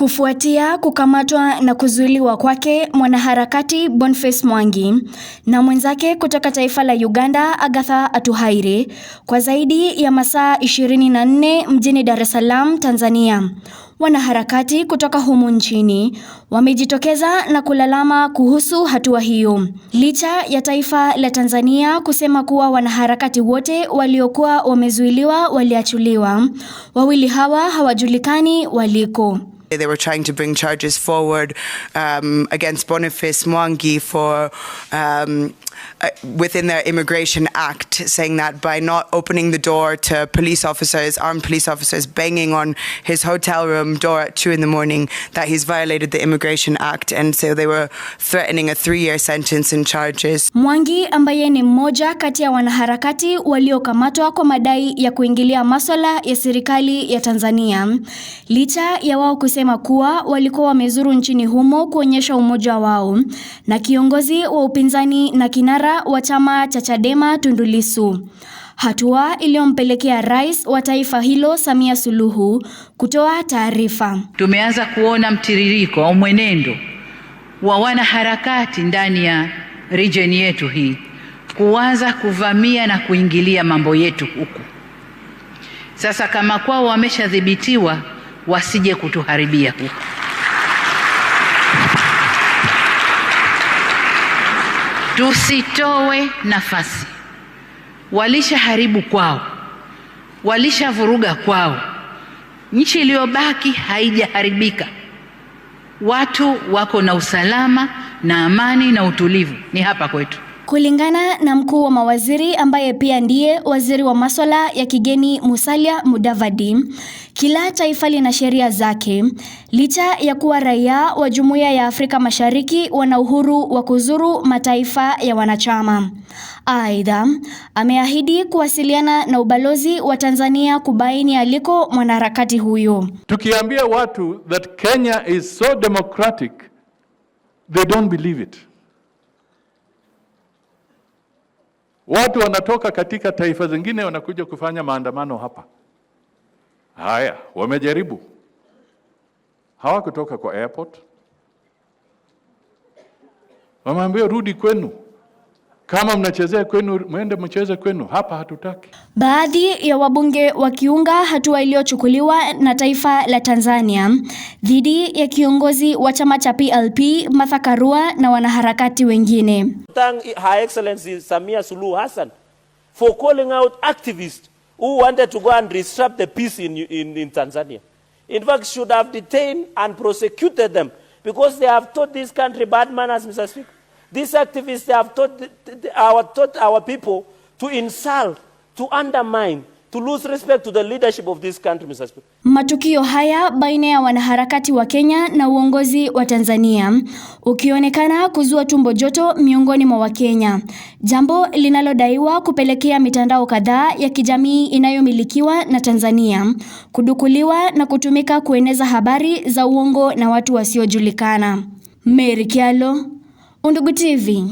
Kufuatia kukamatwa na kuzuiliwa kwake mwanaharakati Boniface Mwangi na mwenzake kutoka taifa la Uganda Agatha Atuhaire kwa zaidi ya masaa 24 mjini Dar es Salaam, Tanzania. Wanaharakati kutoka humu nchini wamejitokeza na kulalama kuhusu hatua hiyo, licha ya taifa la Tanzania kusema kuwa wanaharakati wote waliokuwa wamezuiliwa waliachuliwa. Wawili hawa hawajulikani waliko. They were trying to bring charges forward um, against Boniface Mwangi for. Um, uh, within their Immigration Act, saying that by not opening the door to police officers, armed police officers banging on his hotel room door at two in the morning, that he's violated the Immigration Act, and so they were threatening a three-year sentence and charges. Mwangi ambaye ni moja kati ya wanaharakati waliokamatwa kwa madai ya kuingilia masuala ya serikali ya Tanzania, licha ya wao kusema amesema kuwa walikuwa wamezuru nchini humo kuonyesha umoja wao na kiongozi wa upinzani na kinara wa chama cha Chadema Tundu Lissu, hatua iliyompelekea rais wa taifa hilo Samia Suluhu kutoa taarifa. Tumeanza kuona mtiririko au mwenendo wa wanaharakati ndani ya region yetu hii kuanza kuvamia na kuingilia mambo yetu huku. Sasa kama kwao wameshadhibitiwa wasije kutuharibia huko. Tusitowe nafasi. Walishaharibu kwao, walishavuruga kwao. Nchi iliyobaki haijaharibika, watu wako na usalama na amani na utulivu, ni hapa kwetu. Kulingana na mkuu wa mawaziri ambaye pia ndiye waziri wa masuala ya kigeni Musalia Mudavadi, kila taifa lina sheria zake. Licha ya kuwa raia wa Jumuiya ya Afrika Mashariki wana uhuru wa kuzuru mataifa ya wanachama. Aidha, ameahidi kuwasiliana na ubalozi wa Tanzania kubaini aliko mwanaharakati huyo. Tukiambia watu that Kenya is so democratic, they don't believe it. Watu wanatoka katika taifa zingine wanakuja kufanya maandamano hapa. Haya, wamejaribu, hawakutoka kwa airport, wameambiwa rudi kwenu. Kama mnachezea kwenu, mwende mcheze kwenu, hapa hatutaki. Baadhi ya wabunge wakiunga hatua iliyochukuliwa na taifa la Tanzania dhidi ya kiongozi wa chama cha PLP Martha Karua na wanaharakati wengine. Thank Her Excellency Samia Suluhu Hassan for calling out activists who wanted to go and disrupt the peace in, in, in Tanzania. In fact, should have detained and prosecuted them because they have taught this country bad manners, Mr. Speaker. These activists they have taught our, taught our people to insult, to undermine, to lose respect to the leadership of this country, Mr. Speaker. Matukio haya baina ya wanaharakati wa Kenya na uongozi wa Tanzania ukionekana kuzua tumbo joto miongoni mwa Wakenya, jambo linalodaiwa kupelekea mitandao kadhaa ya kijamii inayomilikiwa na Tanzania kudukuliwa na kutumika kueneza habari za uongo na watu wasiojulikana. Mary Kyalo Undugu TV.